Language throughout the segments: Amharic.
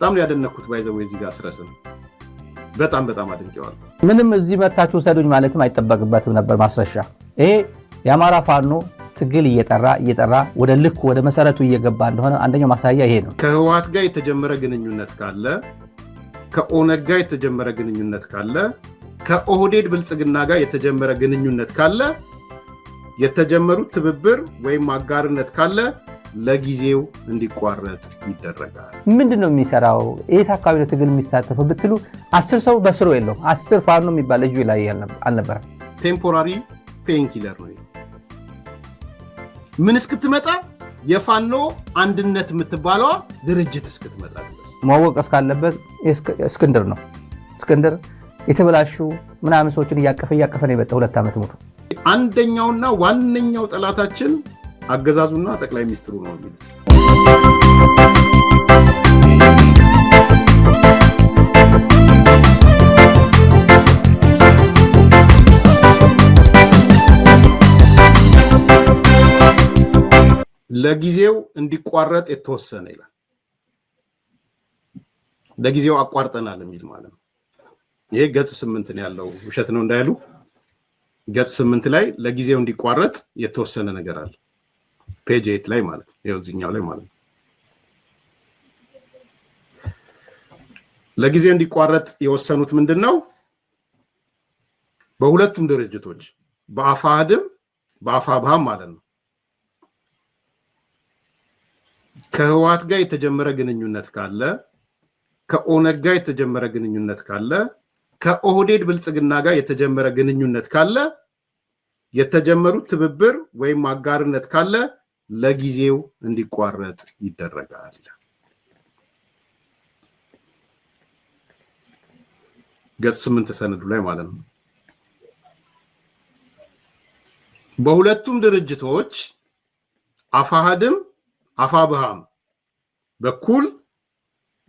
በጣም ነው ያደነኩት። ባይዘው እዚህ ጋር ስረስም በጣም በጣም አድንቄዋል። ምንም እዚህ መታችሁ ሰዱኝ ማለትም አይጠበቅበትም ነበር። ማስረሻ ይሄ የአማራ ፋኖ ትግል እየጠራ እየጠራ ወደ ልክ ወደ መሰረቱ እየገባ እንደሆነ አንደኛው ማሳያ ይሄ ነው። ከህወሓት ጋር የተጀመረ ግንኙነት ካለ፣ ከኦነግ ጋር የተጀመረ ግንኙነት ካለ፣ ከኦህዴድ ብልጽግና ጋር የተጀመረ ግንኙነት ካለ፣ የተጀመሩት ትብብር ወይም አጋርነት ካለ ለጊዜው እንዲቋረጥ ይደረጋል። ምንድን ነው የሚሰራው? የት አካባቢ ነው ትግል የሚሳተፈው ብትሉ አስር ሰው በስሩ የለውም። አስር ፋኖ የሚባል እጁ ላይ አልነበረም። ቴምፖራሪ ፔንኪለር ነው ምን እስክትመጣ የፋኖ አንድነት የምትባለዋ ድርጅት እስክትመጣ ድረስ ማወቅ እስካለበት እስክንድር ነው። እስክንድር የተበላሹ ምናምን ሰዎችን እያቀፈ እያቀፈ ነው የመጣ ሁለት ዓመት ሙሉ አንደኛውና ዋነኛው ጠላታችን አገዛዙና ጠቅላይ ሚኒስትሩ ነው የሚሉት። ለጊዜው እንዲቋረጥ የተወሰነ ይላል። ለጊዜው አቋርጠናል የሚል ማለት ነው። ይሄ ገጽ ስምንት ነው ያለው። ውሸት ነው እንዳይሉ ገጽ ስምንት ላይ ለጊዜው እንዲቋረጥ የተወሰነ ነገር አለ። ፔጅ ኤት ላይ ማለት ነው። እዚህኛው ላይ ማለት ነው። ለጊዜ እንዲቋረጥ የወሰኑት ምንድን ነው? በሁለቱም ድርጅቶች በአፋህድም በአፋብሃም ማለት ነው ከህወሓት ጋር የተጀመረ ግንኙነት ካለ ከኦነግ ጋር የተጀመረ ግንኙነት ካለ ከኦህዴድ ብልጽግና ጋር የተጀመረ ግንኙነት ካለ የተጀመሩት ትብብር ወይም አጋርነት ካለ ለጊዜው እንዲቋረጥ ይደረጋል። ገጽ ስምንት ሰነዱ ላይ ማለት ነው። በሁለቱም ድርጅቶች አፋሃድም አፋብሃም በኩል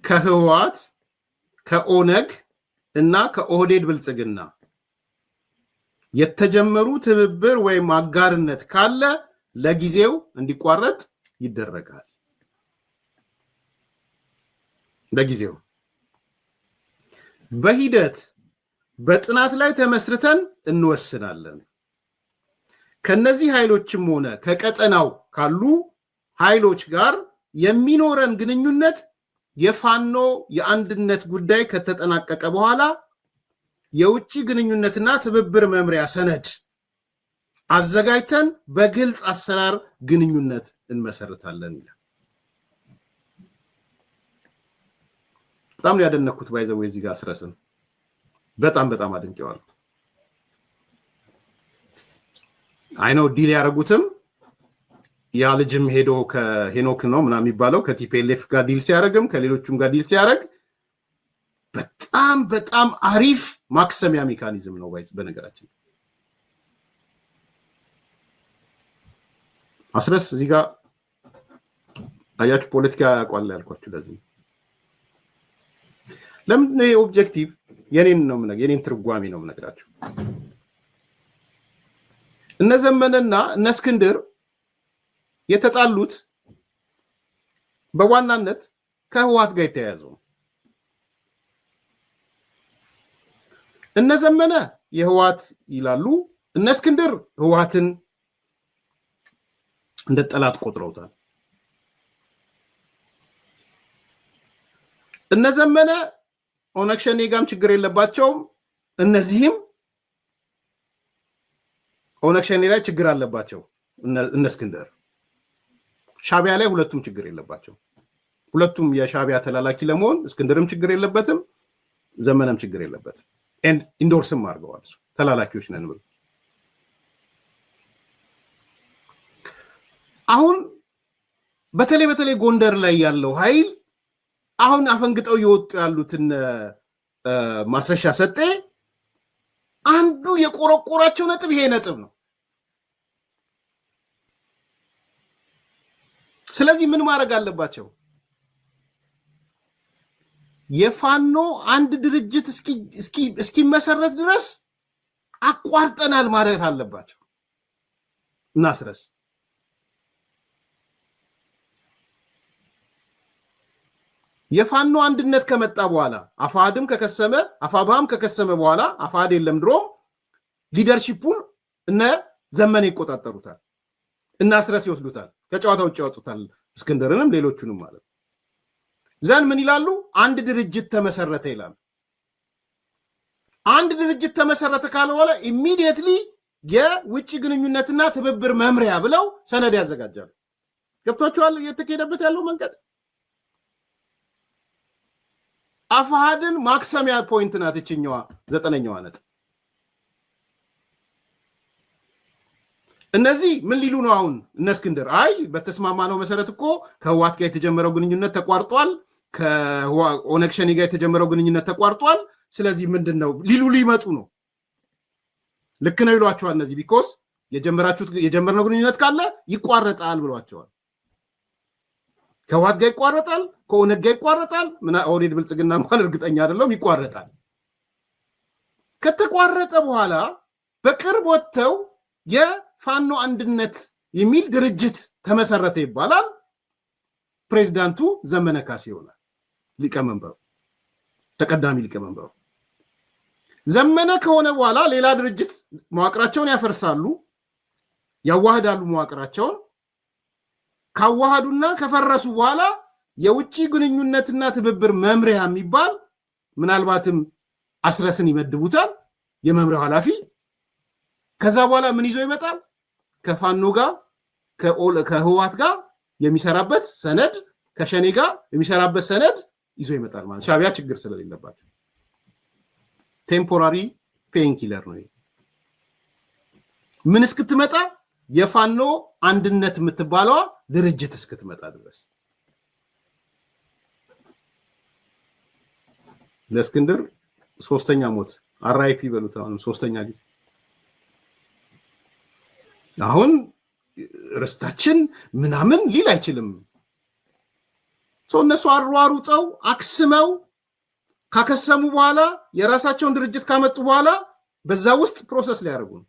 ከህወሓት ከኦነግ እና ከኦህዴድ ብልጽግና የተጀመሩ ትብብር ወይም አጋርነት ካለ ለጊዜው እንዲቋረጥ ይደረጋል። ለጊዜው በሂደት በጥናት ላይ ተመስርተን እንወስናለን። ከነዚህ ኃይሎችም ሆነ ከቀጠናው ካሉ ኃይሎች ጋር የሚኖረን ግንኙነት የፋኖ የአንድነት ጉዳይ ከተጠናቀቀ በኋላ የውጭ ግንኙነትና ትብብር መምሪያ ሰነድ አዘጋጅተን በግልጽ አሰራር ግንኙነት እንመሰርታለን ይላል። በጣም ነው ያደነኩት። ባይዘው የዚህ ጋር ስረስን በጣም በጣም አድንቄዋለሁ። አይነው ዲል ያደረጉትም ያ ልጅም ሄዶ ከሄኖክ ነው ምና የሚባለው ከቲፒኤልኤፍ ጋር ዲል ሲያደረግም ከሌሎቹም ጋር ዲል ሲያደረግ በጣም በጣም አሪፍ ማክሰሚያ ሜካኒዝም ነው በነገራችን አስረስ እዚህ ጋር አያችሁ ፖለቲካ ያውቋል ያልኳችሁ ለዚህ ለምንድን ነው ኦብጀክቲቭ የኔን ነው የኔን ትርጓሚ ነው የምነግራቸው። እነ ዘመነና እነ እስክንድር የተጣሉት በዋናነት ከህወሓት ጋር የተያያዘው እነ ዘመነ የህወሓት ይላሉ፣ እነ እስክንድር ህወሓትን እንደ ጠላት ቆጥረውታል። እነ ዘመነ ኦነግ ሸኔ ጋም ችግር የለባቸውም። እነዚህም ኦነግ ሸኔ ላይ ችግር አለባቸው። እነ እስክንድር ሻቢያ ላይ ሁለቱም ችግር የለባቸው። ሁለቱም የሻቢያ ተላላኪ ለመሆን እስክንድርም ችግር የለበትም፣ ዘመነም ችግር የለበትም። ኢንዶርስም አድርገዋል ተላላኪዎች ነን ብሎ አሁን በተለይ በተለይ ጎንደር ላይ ያለው ኃይል አሁን አፈንግጠው የወጡ ያሉትን ማስረሻ ሰጤ አንዱ የቆረቆራቸው ነጥብ ይሄ ነጥብ ነው። ስለዚህ ምን ማድረግ አለባቸው? የፋኖ አንድ ድርጅት እስኪመሰረት ድረስ አቋርጠናል ማለት አለባቸው። እናስረስ የፋኖ አንድነት ከመጣ በኋላ አፋድም ከከሰመ አፋብሃም ከከሰመ በኋላ አፋድ የለም ድሮ ሊደርሺፑን እነ ዘመነ ይቆጣጠሩታል እና ስረስ ይወስዱታል ከጨዋታ ውጭ ያወጡታል እስክንድርንም ሌሎቹንም ማለት ዘን ምን ይላሉ አንድ ድርጅት ተመሰረተ ይላሉ አንድ ድርጅት ተመሰረተ ካለ በኋላ ኢሚዲየትሊ የውጭ ግንኙነትና ትብብር መምሪያ ብለው ሰነድ ያዘጋጃሉ ገብቷችኋል እየተካሄደበት ያለው መንገድ አፍሃድን ማክሰሚያ ፖይንት ናት ይችኛዋ ዘጠነኛዋ ነጥብ። እነዚህ ምን ሊሉ ነው አሁን? እነ እስክንድር አይ በተስማማ ነው መሰረት እኮ ከህዋት ጋር የተጀመረው ግንኙነት ተቋርጧል፣ ከኦነግ ሸኔ ጋር የተጀመረው ግንኙነት ተቋርጧል። ስለዚህ ምንድን ነው ሊሉ ሊመጡ ነው። ልክ ነው ይሏቸዋል። እነዚህ ቢኮስ የጀመራችሁት የጀመርነው ግንኙነት ካለ ይቋረጣል ብሏቸዋል። ከህዋት ጋር ይቋረጣል ከኦነግ ጋር ይቋረጣል። ኦህዴድ ብልጽግና እንኳን እርግጠኛ አይደለሁም፣ ይቋረጣል። ከተቋረጠ በኋላ በቅርብ ወጥተው የፋኖ አንድነት የሚል ድርጅት ተመሰረተ ይባላል። ፕሬዚዳንቱ ዘመነ ካሴ ይሆናል። ሊቀመንበሩ ተቀዳሚ ሊቀመንበሩ ዘመነ ከሆነ በኋላ ሌላ ድርጅት መዋቅራቸውን ያፈርሳሉ፣ ያዋህዳሉ። መዋቅራቸውን ካዋሃዱና ከፈረሱ በኋላ የውጭ ግንኙነትና ትብብር መምሪያ የሚባል ምናልባትም አስረስን ይመድቡታል የመምሪያው ኃላፊ። ከዛ በኋላ ምን ይዞ ይመጣል? ከፋኖ ጋር ከህወሓት ጋር የሚሰራበት ሰነድ፣ ከሸኔ ጋር የሚሰራበት ሰነድ ይዞ ይመጣል። ማለት ሻቢያ ችግር ስለሌለባቸው ቴምፖራሪ ፔንኪለር ነው። ምን እስክትመጣ የፋኖ አንድነት የምትባለዋ ድርጅት እስክትመጣ ድረስ ለእስክንድር ሶስተኛ ሞት አራይፒ በሉት። አሁን ሶስተኛ ጊዜ አሁን ርስታችን ምናምን ሊል አይችልም። ሰው እነሱ አሯሩጠው አክስመው ካከሰሙ በኋላ የራሳቸውን ድርጅት ካመጡ በኋላ በዛ ውስጥ ፕሮሰስ ሊያደርጉ ነው።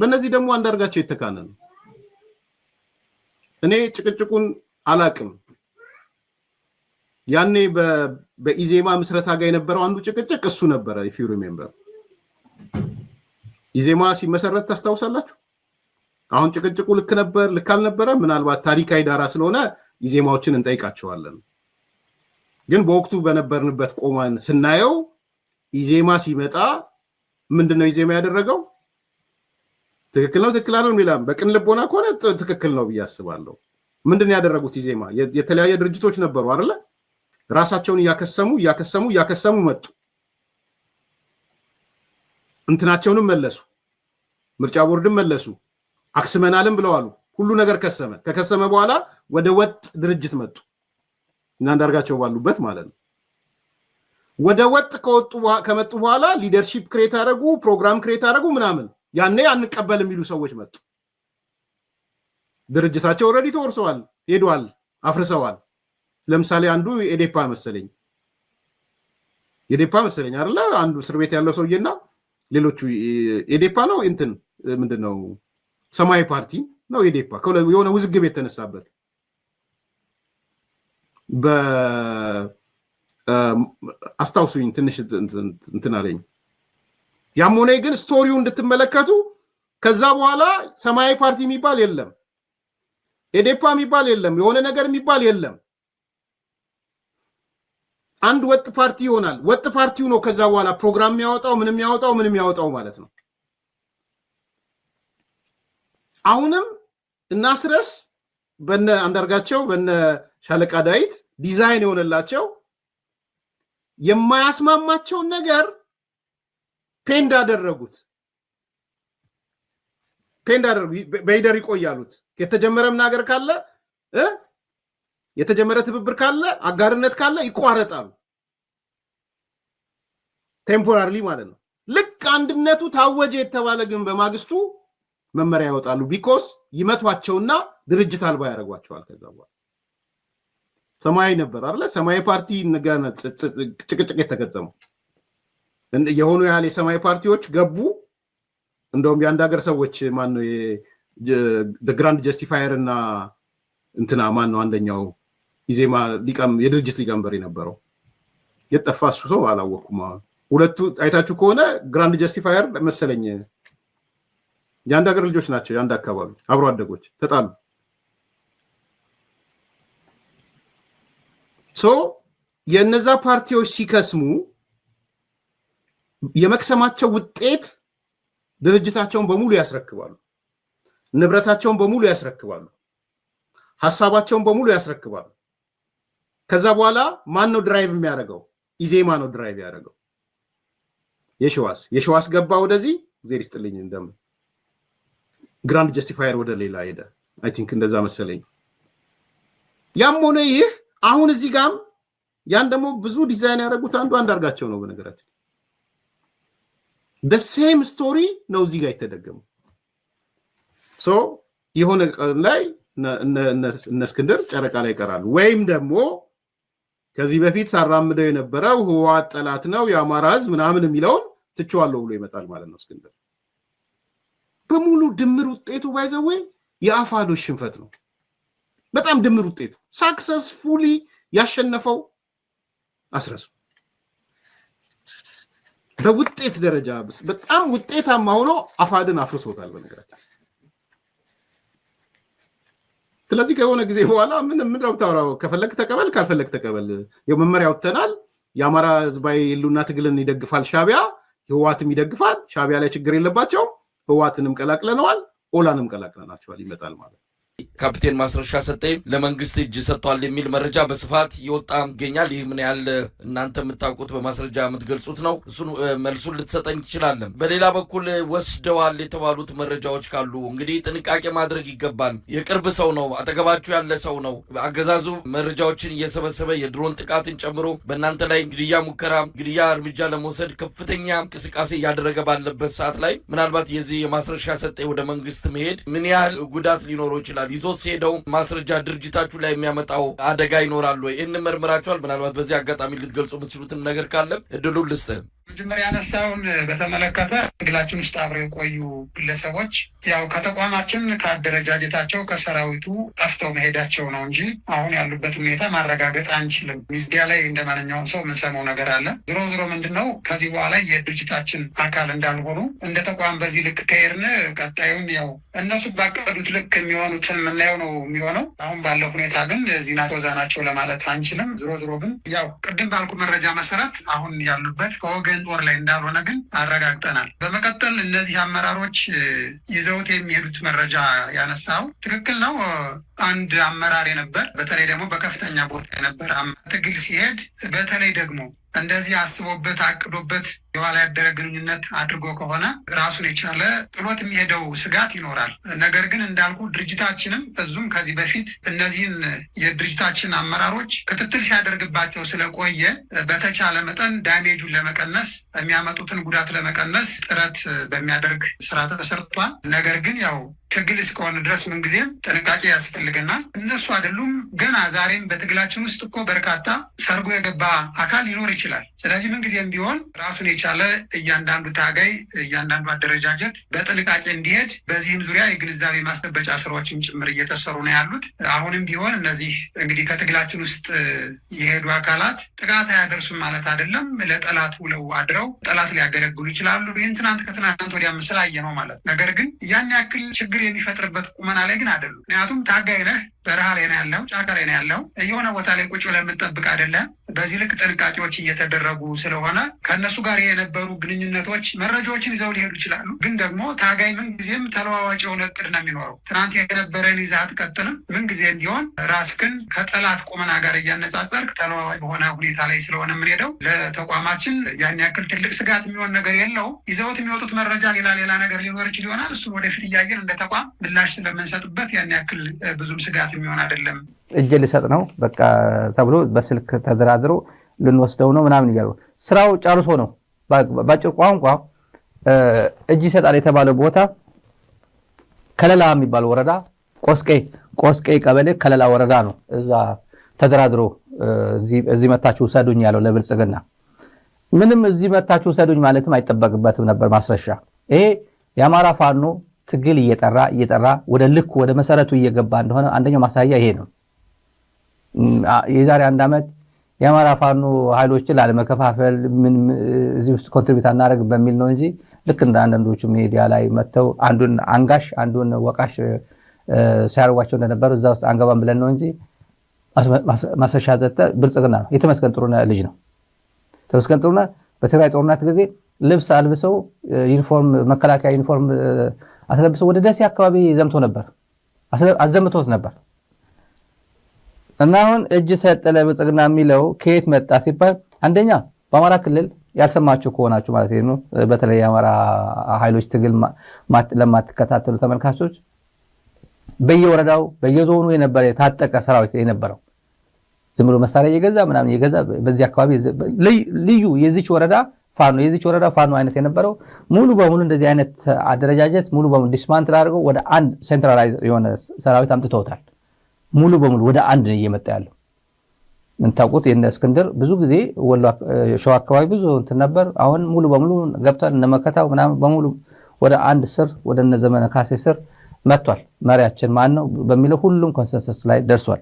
በእነዚህ ደግሞ አንዳርጋቸው የተካነ ነው። እኔ ጭቅጭቁን አላቅም። ያኔ በኢዜማ ምስረታ ጋር የነበረው አንዱ ጭቅጭቅ እሱ ነበረ። ኢፍ ዩ ሪሜምበር ኢዜማ ሲመሰረት ታስታውሳላችሁ። አሁን ጭቅጭቁ ልክ ነበር ልክ አልነበረ፣ ምናልባት ታሪካዊ ዳራ ስለሆነ ኢዜማዎችን እንጠይቃቸዋለን። ግን በወቅቱ በነበርንበት ቆመን ስናየው ኢዜማ ሲመጣ ምንድን ነው ኢዜማ ያደረገው? ትክክል ነው ትክክል አለ ሚላም በቅን ልቦና ከሆነ ትክክል ነው ብዬ አስባለሁ። ምንድን ነው ያደረጉት? ኢዜማ የተለያየ ድርጅቶች ነበሩ አይደለ? ራሳቸውን እያከሰሙ እያከሰሙ እያከሰሙ መጡ። እንትናቸውንም መለሱ፣ ምርጫ ቦርድም መለሱ፣ አክስመናልም ብለው አሉ። ሁሉ ነገር ከሰመ። ከከሰመ በኋላ ወደ ወጥ ድርጅት መጡ እና ባሉበት ማለት ነው። ወደ ወጥ ከመጡ በኋላ ሊደርሺፕ ክሬት አደረጉ፣ ፕሮግራም ክሬት አደረጉ ምናምን። ያኔ አንቀበል የሚሉ ሰዎች መጡ። ድርጅታቸው ኦልሬዲ ተወርሰዋል፣ ሄደዋል፣ አፍርሰዋል። ለምሳሌ አንዱ ኤዴፓ መሰለኝ የዴፓ መሰለኝ አለ አንዱ እስር ቤት ያለው ሰውዬና ሌሎቹ የዴፓ ነው እንትን ምንድን ነው ሰማያዊ ፓርቲ ነው የዴፓ የሆነ ውዝግብ የተነሳበት አስታውሱኝ ትንሽ እንትን አለኝ። ያም ሆነ ግን ስቶሪው እንድትመለከቱ ከዛ በኋላ ሰማያዊ ፓርቲ የሚባል የለም፣ ኤዴፓ የሚባል የለም፣ የሆነ ነገር የሚባል የለም። አንድ ወጥ ፓርቲ ይሆናል። ወጥ ፓርቲው ነው ከዛ በኋላ ፕሮግራም የሚያወጣው ምንም ያወጣው ምንም ያወጣው ማለት ነው። አሁንም እና ስረስ በነ አንዳርጋቸው በነ ሻለቃ ዳዊት ዲዛይን የሆነላቸው የማያስማማቸውን ነገር ፔንድ አደረጉት። ፔንድ አደረጉ በይደር ይቆያሉት ምን ሀገር ካለ የተጀመረ ትብብር ካለ አጋርነት ካለ ይቋረጣሉ፣ ቴምፖራሪ ማለት ነው። ልክ አንድነቱ ታወጀ የተባለ ግን በማግስቱ መመሪያ ይወጣሉ። ቢኮስ ይመቷቸውና ድርጅት አልባ ያደርጓቸዋል። ከዛ በኋላ ሰማያዊ ነበር አለ ሰማያዊ ፓርቲ ጭቅጭቅ የተገጸመው የሆኑ ያህል የሰማያዊ ፓርቲዎች ገቡ። እንደውም የአንድ ሀገር ሰዎች ማነው ግራንድ ጀስቲፋየር እና እንትና ማነው አንደኛው ኢዜማ የድርጅት ሊቀመንበር የነበረው የጠፋ እሱ ሰው አላወቅኩም። ሁለቱ አይታችሁ ከሆነ ግራንድ ጀስቲፋየር መሰለኝ የአንድ ሀገር ልጆች ናቸው። የአንድ አካባቢ አብሮ አደጎች ተጣሉ። ሶ የእነዛ ፓርቲዎች ሲከስሙ የመክሰማቸው ውጤት ድርጅታቸውን በሙሉ ያስረክባሉ፣ ንብረታቸውን በሙሉ ያስረክባሉ፣ ሀሳባቸውን በሙሉ ያስረክባሉ። ከዛ በኋላ ማን ነው ድራይቭ የሚያደርገው? ኢዜማ ነው ድራይቭ ያደረገው። የሸዋስ የሸዋስ ገባ ወደዚህ እግዜር ይስጥልኝ እንደም ግራንድ ጀስቲፋየር ወደ ሌላ ሄደ። አይ ቲንክ እንደዛ መሰለኝ። ያም ሆነ ይህ አሁን እዚህ ጋም ያን ደግሞ ብዙ ዲዛይን ያደረጉት አንዱ አንዳርጋቸው ነው። በነገራችን ደሴም ስቶሪ ነው እዚህ ጋር የተደገመው። ሶ የሆነ ቀን ላይ እነ እስክንድር ጨረቃ ላይ ይቀራሉ ወይም ደግሞ ከዚህ በፊት ሳራምደው የነበረው ህወሓት ጠላት ነው የአማራ ህዝብ ምናምን የሚለውን ትችዋለሁ ብሎ ይመጣል ማለት ነው። እስክንድር በሙሉ ድምር ውጤቱ ባይዘዌ የአፋዶች ሽንፈት ነው። በጣም ድምር ውጤቱ ሳክሰስፉሊ ያሸነፈው አስረሱ በውጤት ደረጃ በጣም ውጤታማ ሆኖ አፋድን አፍርሶታል በነገራችን ስለዚህ ከሆነ ጊዜ በኋላ ምን ምንድነው የምታወራው? ከፈለግ ተቀበል፣ ካልፈለግ ተቀበል። መመሪያ ወጥተናል። የአማራ ህዝባዊ ህሉና ትግልን ይደግፋል ሻቢያ፣ ህዋትም ይደግፋል። ሻቢያ ላይ ችግር የለባቸው ህዋትንም ቀላቅለነዋል፣ ኦላንም ቀላቅለናቸዋል። ይመጣል ማለት ነው። ካፒቴን ማስረሻ ሰጠኝ ለመንግስት እጅ ሰጥቷል የሚል መረጃ በስፋት የወጣ ይገኛል። ይህ ምን ያህል እናንተ የምታውቁት በማስረጃ የምትገልጹት ነው? እሱን መልሱን ልትሰጠኝ ትችላለን። በሌላ በኩል ወስደዋል የተባሉት መረጃዎች ካሉ እንግዲህ ጥንቃቄ ማድረግ ይገባል። የቅርብ ሰው ነው፣ አጠገባችሁ ያለ ሰው ነው። አገዛዙ መረጃዎችን እየሰበሰበ የድሮን ጥቃትን ጨምሮ በእናንተ ላይ ግድያ ሙከራ፣ ግድያ እርምጃ ለመውሰድ ከፍተኛ እንቅስቃሴ እያደረገ ባለበት ሰዓት ላይ ምናልባት የዚህ የማስረሻ ሰጠኝ ወደ መንግስት መሄድ ምን ያህል ጉዳት ሊኖረው ይችላል ይችላል? ይዞ ሲሄደው ማስረጃ ድርጅታችሁ ላይ የሚያመጣው አደጋ ይኖራል ወይ? ይህን መርምራችኋል? ምናልባት በዚህ አጋጣሚ ልትገልጹ የምትችሉትን ነገር ካለም እድሉን ልስጥህ። መጀመሪያ ያነሳውን በተመለከተ ትግላችን ውስጥ አብረው የቆዩ ግለሰቦች ያው ከተቋማችን ከአደረጃጀታቸው ከሰራዊቱ ጠፍተው መሄዳቸው ነው እንጂ አሁን ያሉበት ሁኔታ ማረጋገጥ አንችልም። ሚዲያ ላይ እንደ ማንኛውም ሰው የምንሰማው ነገር አለ። ዞሮ ዞሮ ምንድን ነው ከዚህ በኋላ የድርጅታችን አካል እንዳልሆኑ እንደ ተቋም በዚህ ልክ ከሄድን ቀጣዩን ያው እነሱ ባቀዱት ልክ የሚሆኑትን የምናየው ነው የሚሆነው። አሁን ባለው ሁኔታ ግን እዚህ ናቸው እዛ ናቸው ለማለት አንችልም። ዞሮ ዞሮ ግን ያው ቅድም ባልኩ መረጃ መሰረት አሁን ያሉበት ከወገን የመን ጦር ላይ እንዳልሆነ ግን አረጋግጠናል። በመቀጠል እነዚህ አመራሮች ይዘውት የሚሄዱት መረጃ ያነሳው ትክክል ነው። አንድ አመራር የነበር በተለይ ደግሞ በከፍተኛ ቦታ የነበረ ትግል ሲሄድ በተለይ ደግሞ እንደዚህ አስቦበት አቅዶበት የኋላ ያደረ ግንኙነት አድርጎ ከሆነ ራሱን የቻለ ጥሎት የሚሄደው ስጋት ይኖራል። ነገር ግን እንዳልኩ ድርጅታችንም እዙም ከዚህ በፊት እነዚህን የድርጅታችን አመራሮች ክትትል ሲያደርግባቸው ስለቆየ በተቻለ መጠን ዳሜጁን ለመቀነስ የሚያመጡትን ጉዳት ለመቀነስ ጥረት በሚያደርግ ስራ ተሰርቷል። ነገር ግን ያው ትግል እስከሆነ ድረስ ምንጊዜም ጥንቃቄ ያስፈልገናል። እነሱ አይደሉም ገና ዛሬም በትግላችን ውስጥ እኮ በርካታ ሰርጎ የገባ አካል ሊኖር ይችላል። ስለዚህ ምንጊዜም ቢሆን ራሱን የቻለ እያንዳንዱ ታጋይ፣ እያንዳንዱ አደረጃጀት በጥንቃቄ እንዲሄድ በዚህም ዙሪያ የግንዛቤ ማስጨበጫ ስራዎችም ጭምር እየተሰሩ ነው ያሉት። አሁንም ቢሆን እነዚህ እንግዲህ ከትግላችን ውስጥ የሄዱ አካላት ጥቃት አያደርሱም ማለት አይደለም። ለጠላት ውለው አድረው ጠላት ሊያገለግሉ ይችላሉ። ይህን ትናንት ከትናንት ወዲያ ምስል አየ ነው ማለት ነገር ግን ያን ያክል ችግር ችግር የሚፈጥርበት ቁመና ላይ ግን አይደሉም። ምክንያቱም ታጋይ ነህ በረሃ ላይ ነው ያለው፣ ጫካ ላይ ነው ያለው። የሆነ ቦታ ላይ ቁጭ ብለህ የምንጠብቅ አይደለም። በዚህ ልክ ጥንቃቄዎች እየተደረጉ ስለሆነ ከእነሱ ጋር የነበሩ ግንኙነቶች መረጃዎችን ይዘው ሊሄዱ ይችላሉ። ግን ደግሞ ታጋይ ምንጊዜም ተለዋዋጭ የሆነ እቅድ ነው የሚኖረው። ትናንት የነበረን ይዘህ አትቀጥልም። ምንጊዜ እንዲሆን ራስህን ከጠላት ቁመና ጋር እያነጻጸርክ ተለዋዋጭ በሆነ ሁኔታ ላይ ስለሆነ የምንሄደው ለተቋማችን ያን ያክል ትልቅ ስጋት የሚሆን ነገር የለው። ይዘውት የሚወጡት መረጃ ሌላ ሌላ ነገር ሊኖር ይችል ይሆናል። እሱ ወደፊት እያየን እንደ ተቋም ምላሽ ስለምንሰጥበት ያን ያክል ብዙም ስጋት ለመስራት የሚሆን አይደለም። እጅ ልሰጥ ነው በቃ ተብሎ በስልክ ተደራድሮ ልንወስደው ነው ምናምን እያሉ ስራው ጨርሶ ነው። በአጭር ቋንቋ እጅ ይሰጣል የተባለው ቦታ ከለላ የሚባል ወረዳ ቆስቄ ቆስቄ ቀበሌ ከለላ ወረዳ ነው። እዛ ተደራድሮ እዚህ መታችሁ ውሰዱኝ ያለው ለብልጽግና ምንም እዚህ መታችሁ ውሰዱኝ ማለትም አይጠበቅበትም ነበር ማስረሻ ይሄ የአማራ ፋኖ ትግል እየጠራ እየጠራ ወደ ልክ ወደ መሰረቱ እየገባ እንደሆነ አንደኛው ማሳያ ይሄ ነው። የዛሬ አንድ ዓመት የአማራ ፋኖ ኃይሎችን ላለመከፋፈል ምን እዚህ ውስጥ ኮንትሪቢዩት አናደርግ በሚል ነው እንጂ ልክ እንደ አንዳንዶቹ ሚዲያ ላይ መጥተው አንዱን አንጋሽ አንዱን ወቃሽ ሲያደርጓቸው እንደነበሩ እዛ ውስጥ አንገባም ብለን ነው እንጂ ማስረሻ ዘጠ ብልጽግና ነው። የተመስገን ጥሩነህ ልጅ ነው። ተመስገን ጥሩነህ በትግራይ ጦርነት ጊዜ ልብስ አልብሰው ዩኒፎርም መከላከያ ዩኒፎርም አስለብሶ ወደ ደሴ አካባቢ ዘምቶ ነበር፣ አዘምቶት ነበር። እና አሁን እጅ ሰጠ ለብልጽግና የሚለው ከየት መጣ ሲባል አንደኛ በአማራ ክልል ያልሰማችሁ ከሆናችሁ ማለት ነው። በተለይ የአማራ ኃይሎች ትግል ለማትከታተሉ ተመልካቾች በየወረዳው በየዞኑ የነበረ የታጠቀ ሰራዊት የነበረው ዝም ብሎ መሳሪያ እየገዛ ምናምን እየገዛ በዚህ አካባቢ ልዩ የዚች ወረዳ ፋኖ የዚች ወረዳ ፋኖ አይነት የነበረው ሙሉ በሙሉ እንደዚህ አይነት አደረጃጀት ሙሉ በሙሉ ዲስማንትል አድርገው ወደ አንድ ሴንትራላይዝ የሆነ ሰራዊት አምጥተውታል። ሙሉ በሙሉ ወደ አንድ ነው እየመጣ ያለው። እንታውቁት የነ እስክንድር ብዙ ጊዜ ሸዋ አካባቢ ብዙ እንትን ነበር። አሁን ሙሉ በሙሉ ገብቷል። እነ መከታው ምናምን በሙሉ ወደ አንድ ስር ወደ እነ ዘመነ ካሴ ስር መጥቷል። መሪያችን ማን ነው በሚለው ሁሉም ኮንሰንሰስ ላይ ደርሷል።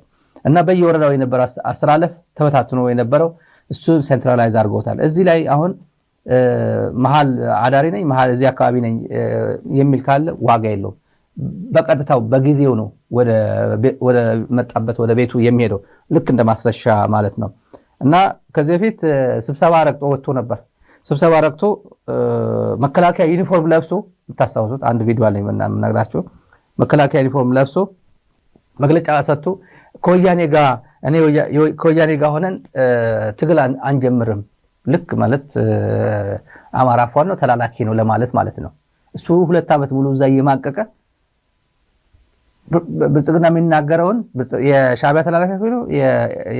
እና በየወረዳው የነበረ አስተላለፍ ተበታትኖ የነበረው እሱ ሴንትራላይዝ አድርገውታል። እዚህ ላይ አሁን መሀል አዳሪ ነኝ መሀል እዚህ አካባቢ ነኝ የሚል ካለ ዋጋ የለውም። በቀጥታው በጊዜው ነው ወደ መጣበት ወደ ቤቱ የሚሄደው ልክ እንደ ማስረሻ ማለት ነው። እና ከዚህ በፊት ስብሰባ ረግጦ ወጥቶ ነበር። ስብሰባ ረግቶ መከላከያ ዩኒፎርም ለብሶ የምታስታውሱት አንድ ቪዲዮ ላይ የምናግራቸው መከላከያ ዩኒፎርም ለብሶ መግለጫ ሰጥቶ ከወያኔ ጋር ሆነን ትግል አንጀምርም ልክ ማለት አማራ ፏን ነው ተላላኪ ነው ለማለት ማለት ነው። እሱ ሁለት ዓመት ሙሉ እዛ እየማቀቀ ብልጽግና የሚናገረውን የሻቢያ ተላላኪ ነው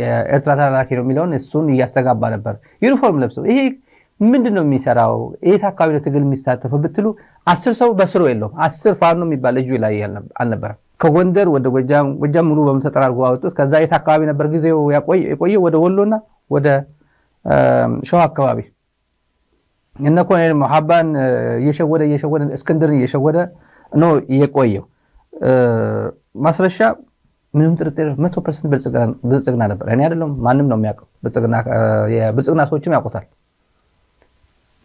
የኤርትራ ተላላኪ ነው የሚለውን እሱን እያስተጋባ ነበር ዩኒፎርም ለብሰው። ይሄ ምንድን ነው የሚሰራው? የት አካባቢ ነው ትግል የሚሳተፈው ብትሉ አስር ሰው በስሩ የለውም። አስር ፋኖ የሚባል እጁ ላይ አልነበረም። ከጎንደር ወደ ጎጃም ሙሉ በሙሉ ተጠራርጎ አወጡት። ከዛ የት አካባቢ ነበር ጊዜው የቆየው? ወደ ወሎና ወደ ሸዋ አካባቢ እነ ኮሎኔል መሐባን እየሸወደ እየሸወደ እስክንድርን እየሸወደ ነው የቆየው። ማስረሻ ምንም ጥርጥር መቶ ፐርሰንት ብልጽግና ነበር። እኔ አይደለም ማንም ነው የሚያውቀው፣ ብልጽግና ሰዎችም ያውቁታል።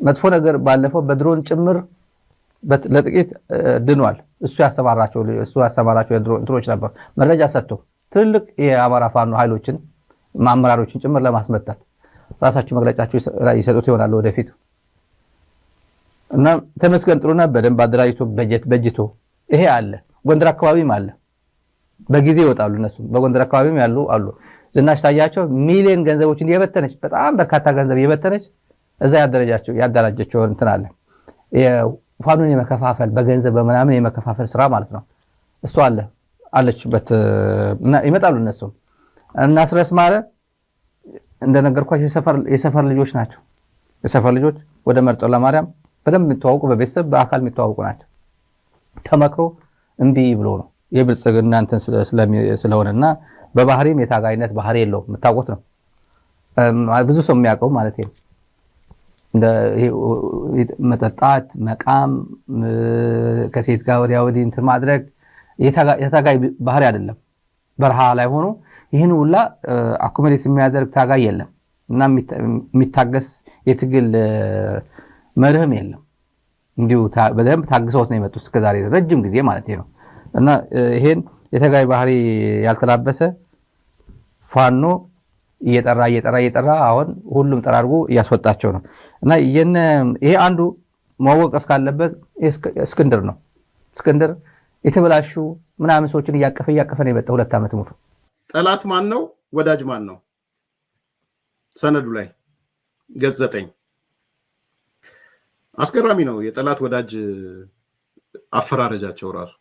መጥፎ ነገር ባለፈው በድሮን ጭምር ለጥቂት ድኗል። እሱ ያሰማራቸው እሱ ያሰማራቸው እንትኖች ነበር መረጃ ሰጥቶ ትልልቅ የአማራ ፋኖ ኃይሎችን ማመራሮችን ጭምር ለማስመታት ራሳቸው መግለጫቸው ይሰጡት ይሆናል ወደፊት እና ተመስገን ጥሩነህ በደንብ አደራጅቶ በጀት በጅቶ ይሄ አለ። ጎንደር አካባቢም አለ። በጊዜ ይወጣሉ እነሱ በጎንደር አካባቢም ያሉ አሉ። ዝናሽ ታያቸው ሚሊዮን ገንዘቦችን እየበተነች በጣም በርካታ ገንዘብ እየበተነች እዛ ያደረጃቸው ያደራጀቸው እንትን አለ። ፋኑን የመከፋፈል በገንዘብ በምናምን የመከፋፈል ስራ ማለት ነው። እሱ አለ አለችበት። ይመጣሉ እነሱም ስረስ ማለት እንደነገርኳቸው የሰፈር ልጆች ናቸው። የሰፈር ልጆች ወደ መርጦ ለማርያም በደንብ የሚተዋውቁ በቤተሰብ በአካል የሚተዋውቁ ናቸው። ተመክሮ እምቢ ብሎ ነው የብልጽግና እንትን ስለሆነና በባህሪም የታጋይነት ባህሪ የለውም። የምታውቁት ነው ብዙ ሰው የሚያውቀው ማለት ነው። መጠጣት፣ መቃም፣ ከሴት ጋር ወዲያ ወዲህ እንትን ማድረግ የታጋይ ባህሪ አይደለም። በረሃ ላይ ሆኖ ይህን ሁላ አኮሞዴት የሚያደርግ ታጋይ የለም እና የሚታገስ የትግል መርህም የለም። እንዲሁ በደንብ ታግሰውት ነው የመጡት እስከዛሬ ረጅም ጊዜ ማለት ነው እና ይሄን የተጋይ ባህሪ ያልተላበሰ ፋኖ እየጠራ እየጠራ እየጠራ አሁን ሁሉም ጠራርጎ እያስወጣቸው ነው እና ይሄ አንዱ መወቀስ ካለበት እስክንድር ነው። እስክንድር የተበላሹ ምናምን ሰዎችን እያቀፈ እያቀፈ ነው የመጣ ሁለት ዓመት ሙሉ ጠላት ማን ነው? ወዳጅ ማን ነው? ሰነዱ ላይ ገጽ ዘጠኝ አስገራሚ ነው። የጠላት ወዳጅ አፈራረጃቸው ራሱ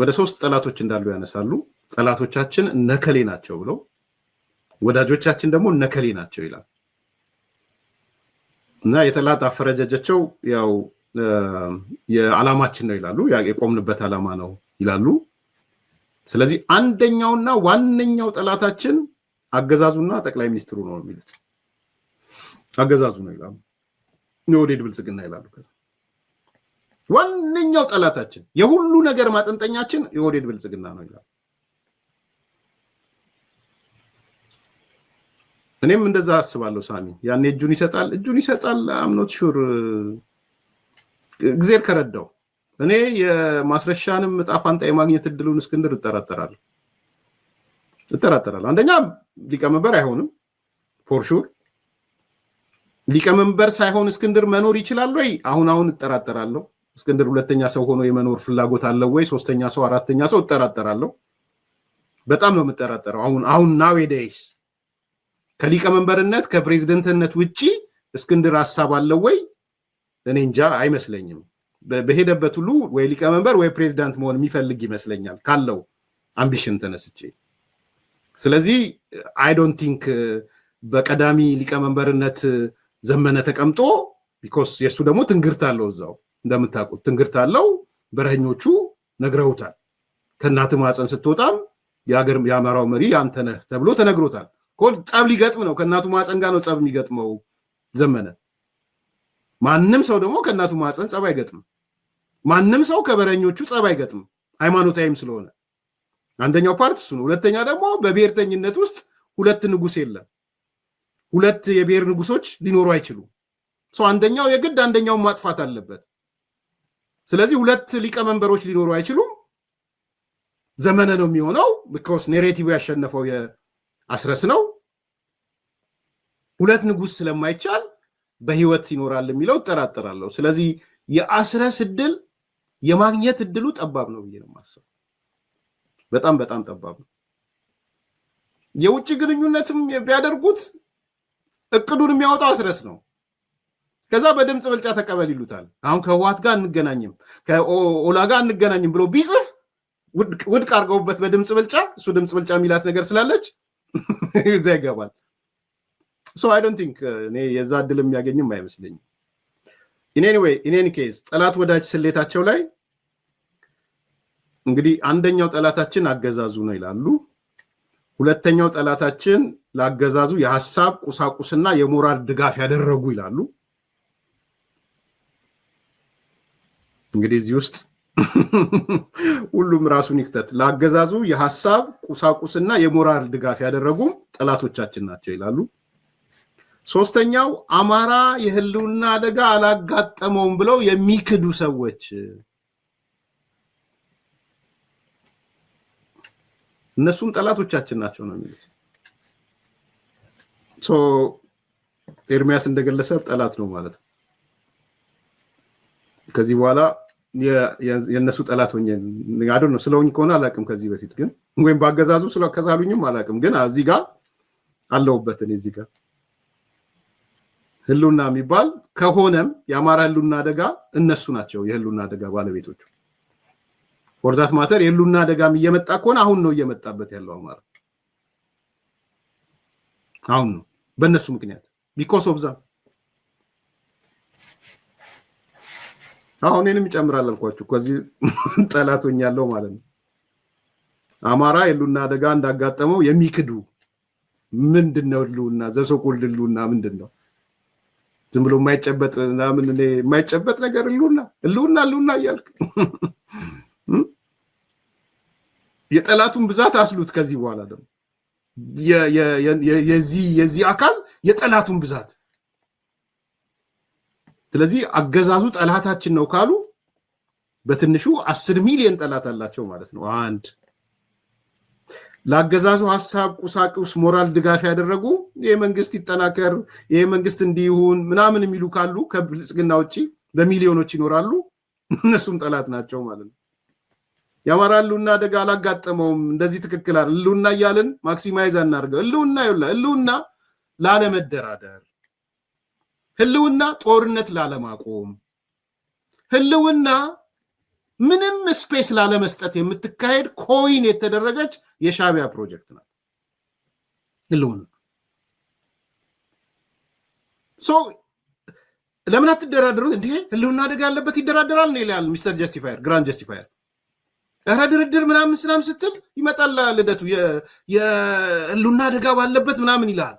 ወደ ሶስት ጠላቶች እንዳሉ ያነሳሉ። ጠላቶቻችን ነከሌ ናቸው ብለው ወዳጆቻችን ደግሞ ነከሌ ናቸው ይላል እና የጠላት አፈረጃጃቸው ያው የዓላማችን ነው ይላሉ። የቆምንበት ዓላማ ነው ይላሉ። ስለዚህ አንደኛውና ዋነኛው ጠላታችን አገዛዙና ጠቅላይ ሚኒስትሩ ነው የሚሉት አገዛዙ ነው ይላሉ፣ የወዴድ ብልጽግና ይላሉ። ከዛ ዋነኛው ጠላታችን የሁሉ ነገር ማጠንጠኛችን የወዴድ ብልጽግና ነው ይላሉ። እኔም እንደዛ አስባለሁ። ሳሚ ያኔ እጁን ይሰጣል፣ እጁን ይሰጣል። አምኖት ሹር እግዜር ከረዳው እኔ የማስረሻንም እጣ ፋንታ የማግኘት እድሉን እስክንድር እጠራጠራለሁ እጠራጠራለሁ። አንደኛ ሊቀመንበር አይሆንም ፎርሹር። ሊቀመንበር ሳይሆን እስክንድር መኖር ይችላል ወይ? አሁን አሁን እጠራጠራለሁ። እስክንድር ሁለተኛ ሰው ሆኖ የመኖር ፍላጎት አለው ወይ? ሶስተኛ ሰው፣ አራተኛ ሰው እጠራጠራለሁ። በጣም ነው የምጠራጠረው። አሁን አሁን ናዌ ደይስ ከሊቀመንበርነት ከፕሬዝደንትነት ውጪ እስክንድር ሀሳብ አለው ወይ? እኔ እንጃ አይመስለኝም። በሄደበት ሁሉ ወይ ሊቀመንበር ወይ ፕሬዚዳንት መሆን የሚፈልግ ይመስለኛል ካለው አምቢሽን ተነስቼ። ስለዚህ አይ ዶንት ቲንክ በቀዳሚ ሊቀመንበርነት ዘመነ ተቀምጦ ቢኮስ የእሱ ደግሞ ትንግርት አለው እዛው እንደምታውቁት ትንግርት አለው። በረኞቹ ነግረውታል። ከእናት ማፀን ስትወጣም የአማራው መሪ አንተ ነህ ተብሎ ተነግሮታል። ጸብ ሊገጥም ነው። ከእናቱ ማፀን ጋር ነው ጸብ የሚገጥመው ዘመነ። ማንም ሰው ደግሞ ከእናቱ ማፀን ጸብ አይገጥም። ማንም ሰው ከበረኞቹ ጸብ አይገጥም፣ ሃይማኖታዊም ስለሆነ አንደኛው ፓርት እሱ ነው። ሁለተኛ ደግሞ በብሔርተኝነት ውስጥ ሁለት ንጉስ የለም። ሁለት የብሔር ንጉሶች ሊኖሩ አይችሉም። ሰው አንደኛው የግድ አንደኛውን ማጥፋት አለበት። ስለዚህ ሁለት ሊቀመንበሮች ሊኖሩ አይችሉም። ዘመነ ነው የሚሆነው። ቢኮስ ኔሬቲቭ ያሸነፈው የአስረስ ነው። ሁለት ንጉስ ስለማይቻል በህይወት ይኖራል የሚለው እጠራጠራለሁ። ስለዚህ የአስረስ እድል የማግኘት እድሉ ጠባብ ነው ብዬ ነው የማስበው። በጣም በጣም ጠባብ ነው። የውጭ ግንኙነትም ቢያደርጉት እቅዱን የሚያወጣው አስረስ ነው። ከዛ በድምፅ ብልጫ ተቀበል ይሉታል። አሁን ከህዋት ጋር አንገናኝም ከኦላ ጋር አንገናኝም ብሎ ቢጽፍ ውድቅ አድርገውበት በድምፅ ብልጫ እሱ ድምፅ ብልጫ የሚላት ነገር ስላለች እዛ ይገባል። ሶ አይ ዶንት ቲንክ እኔ የዛ እድል የሚያገኝም አይመስለኝም። ኢኔን ወይ ኬዝ ጠላት ወዳጅ ስሌታቸው ላይ እንግዲህ አንደኛው ጠላታችን አገዛዙ ነው ይላሉ። ሁለተኛው ጠላታችን ለአገዛዙ የሀሳብ ቁሳቁስና የሞራል ድጋፍ ያደረጉ ይላሉ። እንግዲህ እዚህ ውስጥ ሁሉም ራሱን ይክተት። ለአገዛዙ የሀሳብ ቁሳቁስና የሞራል ድጋፍ ያደረጉም ጠላቶቻችን ናቸው ይላሉ። ሶስተኛው አማራ የህልውና አደጋ አላጋጠመውም ብለው የሚክዱ ሰዎች እነሱም ጠላቶቻችን ናቸው ነው የሚሉት። ኤርሚያስ እንደገለሰ ጠላት ነው ማለት ነው። ከዚህ በኋላ የእነሱ ጠላት ሆኜ አዶ ነው ስለሆኝ ከሆነ አላውቅም። ከዚህ በፊት ግን ወይም በአገዛዙ ከዛሉኝም አላውቅም። ግን እዚህ ጋር አለሁበት እኔ እዚህ ጋር ህሉና የሚባል ከሆነም የአማራ ህሉና አደጋ እነሱ ናቸው፣ የህሉና አደጋ ባለቤቶቹ ወርዛት ማተር። የህሉና አደጋም እየመጣ ከሆነ አሁን ነው እየመጣበት ያለው አማራ አሁን ነው በእነሱ ምክንያት ቢኮስ ኦብዛ አሁን እኔንም ይጨምራል አልኳችሁ። ከዚህ ጠላቶኝ ያለው ማለት ነው አማራ የህልውና አደጋ እንዳጋጠመው የሚክዱ ምንድን ነው ህልውና ዘሶቆል ህልውና ምንድን ነው? ዝም ብሎ የማይጨበጥ ምናምን የማይጨበጥ ነገር እልውና እልውና እልውና እያልክ የጠላቱን ብዛት አስሉት። ከዚህ በኋላ ደግሞ የዚህ አካል የጠላቱን ብዛት ስለዚህ አገዛዙ ጠላታችን ነው ካሉ በትንሹ አስር ሚሊዮን ጠላት አላቸው ማለት ነው። አንድ ለአገዛዙ ሀሳብ፣ ቁሳቁስ፣ ሞራል ድጋፍ ያደረጉ ይህ መንግስት ይጠናከር፣ ይህ መንግስት እንዲሁን ምናምን የሚሉ ካሉ ከብልጽግና ውጭ በሚሊዮኖች ይኖራሉ። እነሱም ጠላት ናቸው ማለት ነው። የአማራ ህልውና አደጋ አላጋጠመውም። እንደዚህ ትክክል አይደል? ህልውና እያልን ማክሲማይዝ አናድርገው። ህልውና ይላ ህልውና ላለመደራደር፣ ህልውና ጦርነት ላለማቆም፣ ህልውና ምንም ስፔስ ላለመስጠት የምትካሄድ ኮይን የተደረገች የሻቢያ ፕሮጀክት ናት ህልውና ሰው ለምን አትደራደሩት? እንዲህ ህልውና አደጋ ያለበት ይደራደራል ነው ይላል ሚስተር ጀስቲፋየር፣ ግራንድ ጀስቲፋየር። ኧረ ድርድር ምናምን ስላም ስትል ይመጣል ልደቱ፣ የህልውና አደጋ ባለበት ምናምን ይልሃል።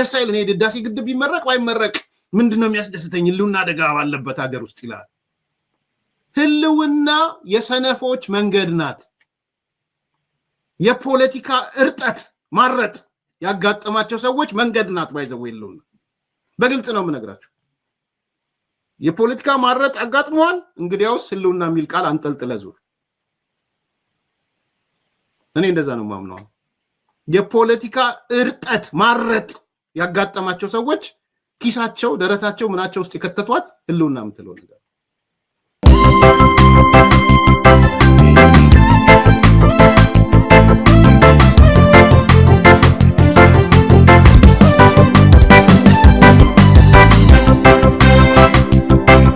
ደስ አይል። እኔ ግድብ ይመረቅ ባይመረቅ ምንድን ነው የሚያስደስተኝ? ህልውና አደጋ ባለበት ሀገር ውስጥ ይላል። ህልውና የሰነፎች መንገድ ናት። የፖለቲካ እርጠት ማረጥ ያጋጠማቸው ሰዎች መንገድ ናት። ባይዘው የለውና በግልጽ ነው የምነግራቸው። የፖለቲካ ማረጥ አጋጥመዋል። እንግዲያውስ ህልውና የሚል ቃል አንጠልጥለ ዙር። እኔ እንደዛ ነው ማምነዋ። የፖለቲካ እርጠት ማረጥ ያጋጠማቸው ሰዎች ኪሳቸው፣ ደረታቸው፣ ምናቸው ውስጥ የከተቷት ህልውና የምትለው ነገር